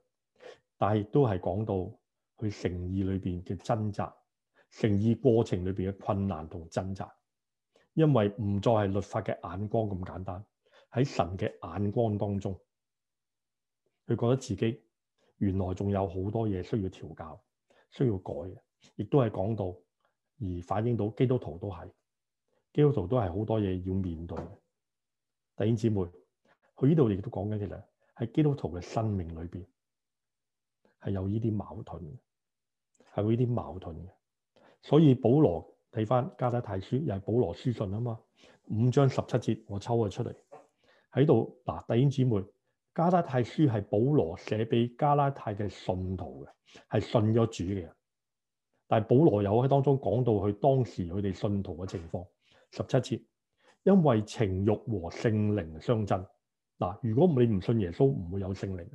但係亦都係講到佢誠意裏邊嘅掙扎，誠意過程裏邊嘅困難同掙扎，因為唔再係律法嘅眼光咁簡單。喺神嘅眼光當中，佢覺得自己原來仲有好多嘢需要調教、需要改嘅，亦都係講到而反映到基督徒都係基督徒都係好多嘢要面對嘅。弟兄姊妹，佢呢度亦都講緊嘅咧，係基督徒嘅生命裏邊係有呢啲矛盾，係有呢啲矛盾嘅。所以保羅睇翻加拉太書又係保羅書信啊嘛，五章十七節，我抽咗出嚟。喺度嗱，弟兄姊妹，《加拉太書》係保羅寫俾加拉太嘅信徒嘅，係信咗主嘅人。但係保羅有喺當中講到佢當時佢哋信徒嘅情況十七節，因為情欲和聖靈相爭嗱。如果唔你唔信耶穌，唔會有聖靈。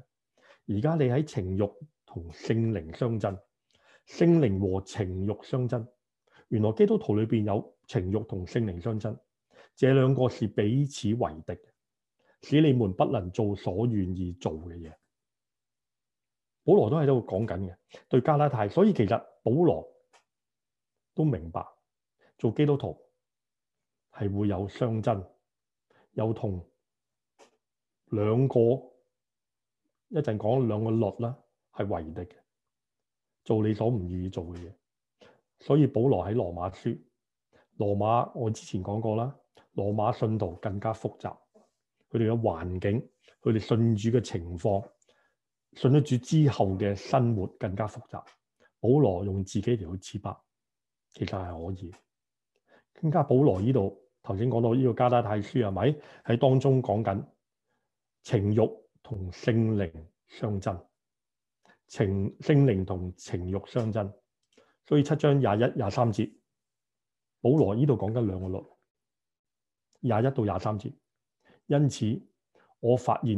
而家你喺情欲同聖靈相爭，聖靈和情欲相爭。原來基督徒裏邊有情欲同聖靈相爭，這兩個是彼此為敵，使你們不能做所願意做嘅嘢，保羅都係喺度講緊嘅，對加拉太。所以其實保羅都明白，做基督徒係會有相爭，有同兩個一陣講兩個律啦，係為敵嘅，做你所唔願意做嘅嘢。所以保羅喺羅馬書，羅馬我之前講過啦，羅馬信徒更加複雜。佢哋嘅環境，佢哋信主嘅情況，信得住之後嘅生活更加複雜。保羅用自己嚟去自白，其實係可以。更加保羅呢度頭先講到呢個加拉太書係咪喺當中講緊情慾同聖靈相爭，情聖靈同情慾相爭。所以七章廿一廿三節，保羅呢度講緊兩個律，廿一到廿三節。因此，我發現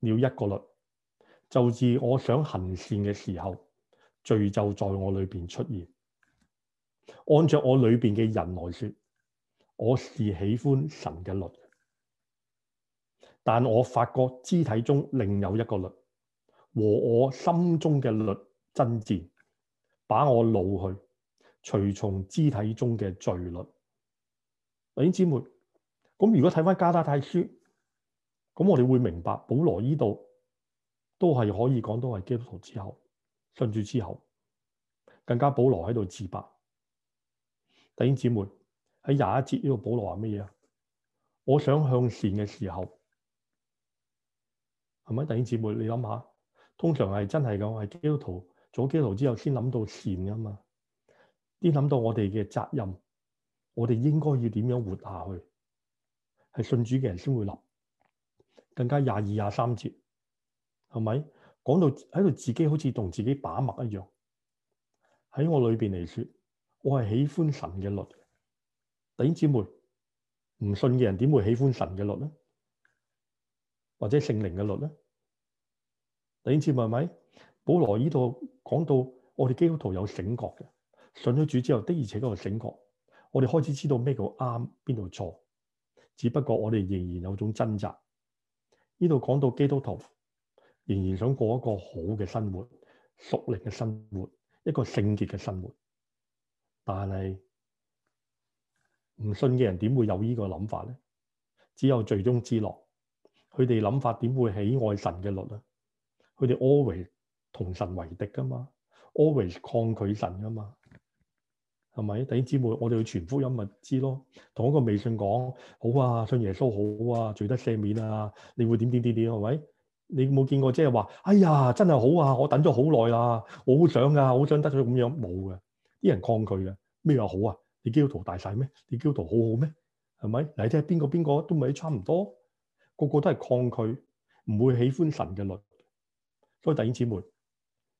了一個律，就是我想行善嘅時候，罪就在我裏邊出現。按照我裏邊嘅人來說，我是喜歡神嘅律，但我發覺肢體中另有一個律，和我心中嘅律爭戰，把我擄去，隨從肢體中嘅罪律。弟兄姊妹。 咁如果睇翻加拉太書，咁我哋會明白保羅呢度都係可以講到係基督徒之後，信主之後，更加保羅喺度自白。弟兄姊妹，喺廿一節呢度，這保羅話咩嘢？我想向善嘅時候，係咪？弟兄姊妹，你諗下，通常係真係咁，係基督徒做基督徒之後，先諗到善噶嘛？啲諗到我哋嘅責任，我哋應該要點樣活下去？係信主嘅人先會立，更加廿二廿三節，係咪講到喺度自己好似同自己把脈一樣？喺我裏面嚟說，我係喜歡神嘅律。弟兄姊妹，唔信嘅人點會喜歡神嘅律咧？或者聖靈嘅律咧？弟兄姊妹，係咪？保羅呢度講到，我哋基督徒有醒覺嘅，信咗主之後的而且確有醒覺，我哋開始知道咩叫啱，邊度錯。只不過我哋仍然有種掙扎，呢度講到基督徒仍然想過一個好嘅生活、屬靈嘅生活、一個聖潔嘅生活，但係唔信嘅人點會有呢個諗法呢？只有最終之樂，佢哋諗法點會喜愛神嘅律呢？佢哋 always 同神為敵噶嘛，always 抗拒神噶嘛。係咪？弟兄姊妹，我哋去傳福音咪知咯？同一個微信講，好啊，信耶穌好啊，罪得赦免啊，你會點點點點係咪？你冇見過即係話，哎呀，真係好啊，我等咗好耐啦，我好想噶、啊，好想得咗咁樣，冇嘅，啲人抗拒嘅，咩話好啊？你基督徒大晒咩？你基督徒好好咩？係咪？你即係邊個邊個都咪差唔多，個個都係抗拒，唔會喜歡神嘅律。所以弟兄姊妹，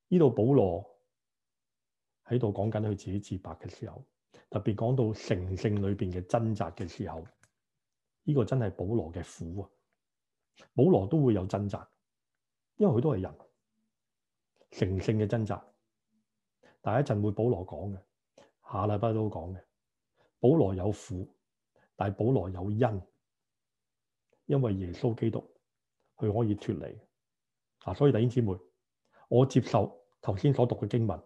呢度保羅。喺度講緊佢自己自白嘅時候，特別講到成聖裏邊嘅掙扎嘅時候，呢個真係保羅嘅苦啊！保羅都會有掙扎，因為佢都係人成聖嘅掙扎。但係一陣會保羅講嘅，下禮拜都講嘅。保羅有苦，但係保羅有恩，因為耶穌基督佢可以脫離嗱。所以弟兄姊妹，我接受頭先所讀嘅經文。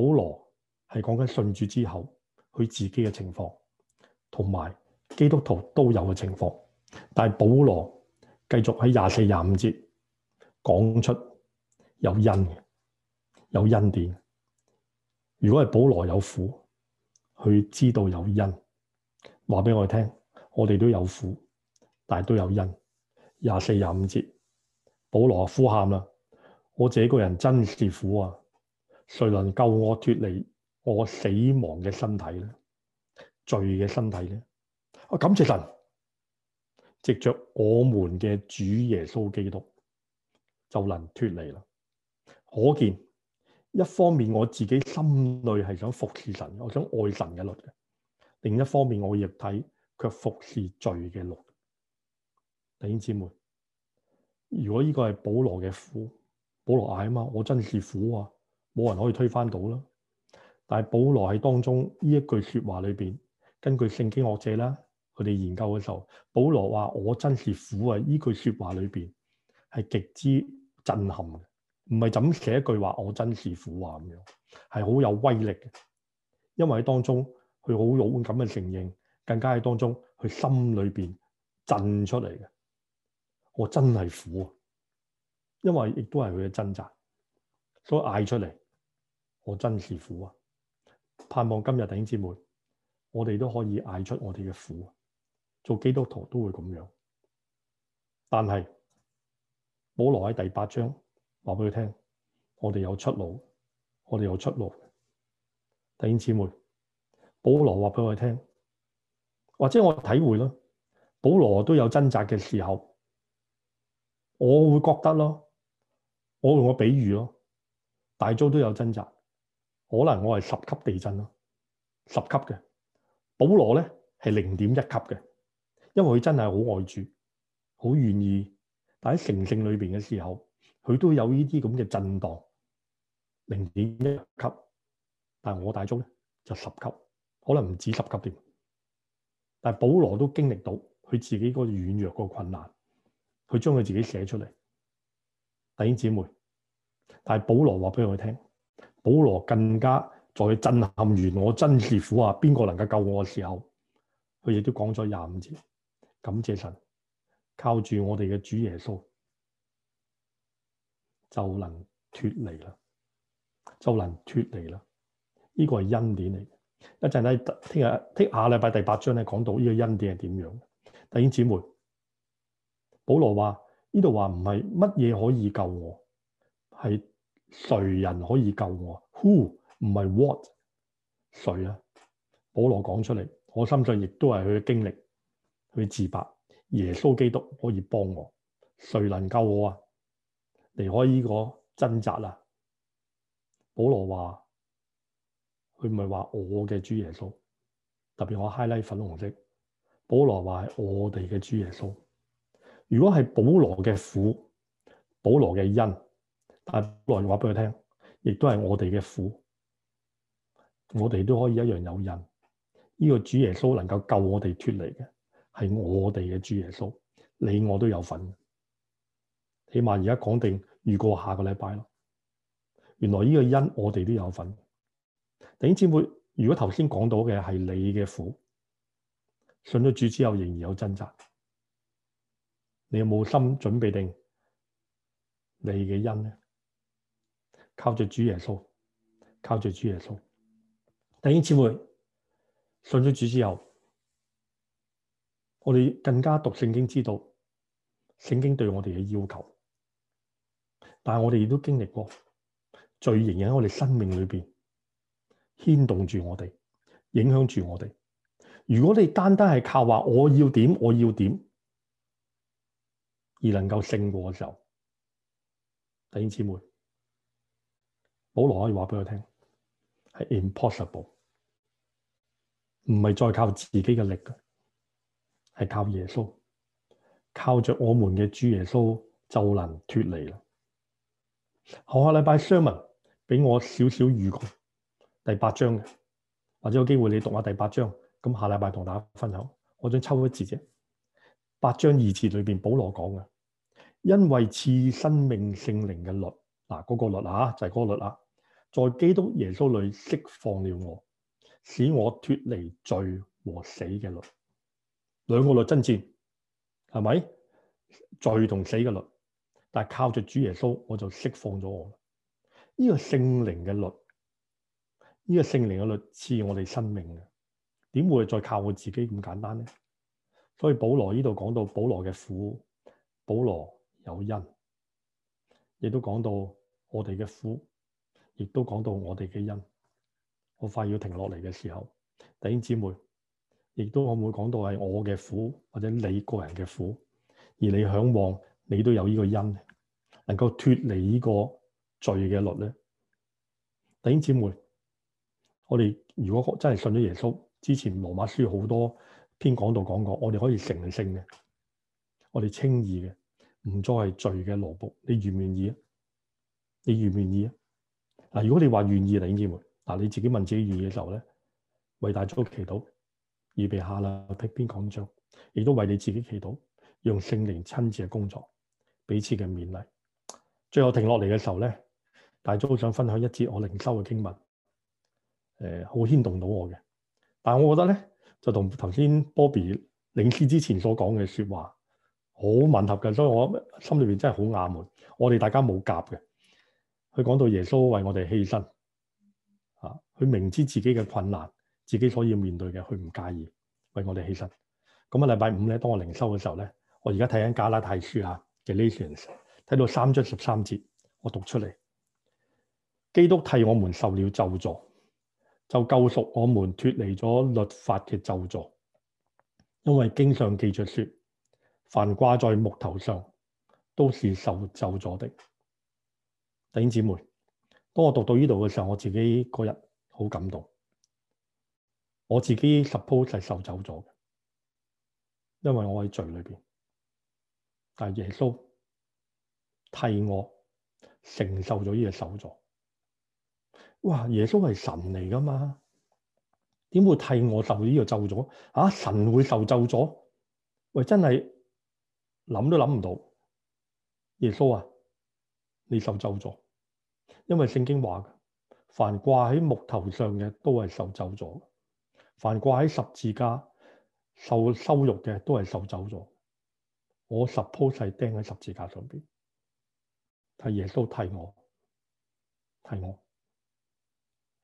保羅係講緊信主之後佢自己嘅情況，同埋基督徒都有嘅情況。但係保羅繼續喺廿四廿五節講出有恩嘅，有恩典。如果係保羅有苦，佢知道有恩，話俾我哋聽，我哋都有苦，但係都有恩。廿四廿五節，保羅呼喊啦：我這個人真是苦啊！誰能救我脫離我死亡嘅身體呢？罪嘅身體呢？我感謝神，藉着我們嘅主耶穌基督就能脫離啦。可見一方面我自己心裏係想服侍神，我想愛神嘅律嘅；另一方面我嘅肉體卻服侍罪嘅律。弟兄姊妹，如果呢個係保羅嘅苦，保羅嗌啊嘛，我真是苦啊！冇人可以推翻到啦。但係保羅喺當中呢一句說話裏邊，根據聖經學者啦，佢哋研究嘅時候，保羅話，我真是苦啊！呢句說話裏邊係極之震撼嘅，唔係咁寫一句話我真是苦啊咁樣，係好有威力嘅。因為喺當中佢好勇敢嘅承認，更加喺當中佢心裏邊震出嚟嘅，我真係苦啊！因為亦都係佢嘅掙扎，所以嗌出嚟。我真是苦啊！盼望今日弟兄姊妹，我哋都可以嗌出我哋嘅苦。做基督徒都會咁樣，但係保羅喺第八章話俾佢聽，我哋有出路，我哋有出路。弟兄姊妹，保羅話俾佢聽，或者我體會咯，保羅都有掙扎嘅時候，我會覺得咯，我用個比喻咯，大眾都有掙扎。可能我係十級地震咯，十級嘅保羅呢係零點一級嘅，因為佢真係好愛主，好願意。但喺成聖裏面嘅時候，佢都有呢啲咁嘅震蕩，零點一級。但我大叔呢，就十級，可能唔止十級添。但保羅都經歷到佢自己嗰個軟弱、個困難，佢將佢自己寫出嚟，弟兄姐妹。但保羅話俾我聽。保羅更加在震撼完我真是苦啊，邊個能夠救我嘅時候，佢亦都講咗廿五節，感謝神，靠住我哋嘅主耶穌，就能脱離啦，就能脱離啦，呢個係恩典嚟嘅。一陣咧，聽日聽下禮拜第八章咧，講到呢個恩典係點樣嘅。弟兄姊妹，保羅話呢度話唔係乜嘢可以救我，係。誰人可以救我？Who 唔係 what？誰啊？保羅講出嚟，我相信亦都係佢嘅經歷，佢自白耶穌基督可以幫我。誰能救我啊？離開呢個掙扎啦。保羅話：佢唔係話我嘅主耶穌，特別我 highlight 粉紅色。保羅話係我哋嘅主耶穌。如果係保羅嘅苦，保羅嘅恩。但來話俾佢聽，亦都係我哋嘅苦，我哋都可以一樣有印。呢個主耶穌能夠救我哋脫離嘅，係我哋嘅主耶穌，你我都有份。起碼而家講定，如果下個禮拜咯。原來呢個恩我哋都有份。弟兄姊妹，如果頭先講到嘅係你嘅苦，信咗主之後仍然有掙扎，你有冇心準備定你嘅恩咧？靠着主耶穌，靠着主耶穌。弟兄姊妹，信咗主之後，我哋更加讀聖經，知道聖經對我哋嘅要求。但係我哋亦都經歷過罪縈繞喺我哋生命裏邊，牽動住我哋，影響住我哋。如果你單單係靠話我要點，我要點而能夠勝過嘅時候，弟兄姊妹。保羅可以話俾佢聽，係 impossible，唔係再靠自己嘅力嘅，係靠耶穌，靠着我們嘅主耶穌就能脫離啦。下個禮拜 sermon 俾我少少預告，第八章嘅，或者有機會你讀下第八章，咁下禮拜同大家分享。我想抽一次啫，八章二字裏面，保羅講嘅，因為賜生命聖靈嘅律，嗱、那、嗰個律啊，就係嗰個律啦。在基督耶穌裏釋放了我，使我脫離罪和死嘅律，兩個律爭戰，係咪罪同死嘅律？但係靠着主耶穌，我就釋放咗我。呢個聖靈嘅律，呢個聖靈嘅律賜我哋生命嘅，點會再靠我自己咁簡單呢？所以保羅呢度講到保羅嘅苦，保羅有因，亦都講到我哋嘅苦。亦都講到我哋嘅恩，好快要停落嚟嘅時候，弟兄姊妹，亦都可唔可以講到係我嘅苦或者你個人嘅苦，而你向往你都有呢個恩，能夠脫離呢個罪嘅律咧，弟兄姊妹，我哋如果真係信咗耶穌，之前羅馬書好多篇講道講過，我哋可以成聖嘅，我哋清義嘅，唔再係罪嘅羅卜，你願唔願意啊？你願唔願意啊？如果你話願意嚟，弟兄們，嗱，你自己問自己願意嘅時候咧，為大家祈禱預備下啦，披邊講章，亦都為你自己祈禱，用聖靈親自嘅工作，彼此嘅勉勵。最後停落嚟嘅時候咧，大家都想分享一節我靈修嘅經文，誒、呃，好牽動到我嘅。但係我覺得咧，就同頭先 Bobby 領師之前所講嘅說話好吻合嘅，所以我心裏邊真係好阿們。我哋大家冇夾嘅。佢講到耶穌為我哋犧牲，啊！佢明知自己嘅困難，自己所要面對嘅，佢唔介意為我哋犧牲。咁啊，禮拜五咧，當我靈修嘅時候咧，我而家睇緊加拉太書啊，Galatians，睇到三章十三節，我讀出嚟。基督替我們受了咒詛，就救贖我們脫離咗律法嘅咒詛。」因為經上記著說：凡掛在木頭上，都是受咒詛的。弟兄姐妹，當我讀到呢度嘅時候，我自己嗰日好感動。我自己 suppose 係受咒咗，因為我喺罪裏面。但耶穌替我承受咗呢個咒咗。哇！耶穌係神嚟噶嘛？點會替我受呢個咒咗？啊！神會受咒咗？喂，真係諗都諗唔到。耶穌啊，你受咒咗？因為聖經話：凡掛喺木頭上嘅都係受咒咗；凡掛喺十字架受羞辱嘅都係受咒咗。我十鋪世釘喺十字架上邊，係耶穌替我替我。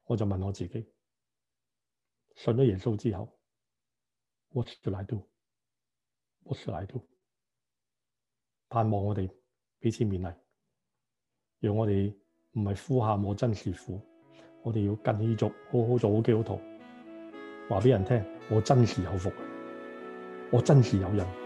我就問我自己：信咗耶穌之後，what should I do？what should I do？盼望我哋彼此勉勵，讓我哋。唔係呼喊我真是苦，我哋要跟著做，好好做好基督徒，話俾人聽，我真是有福，我真是有人。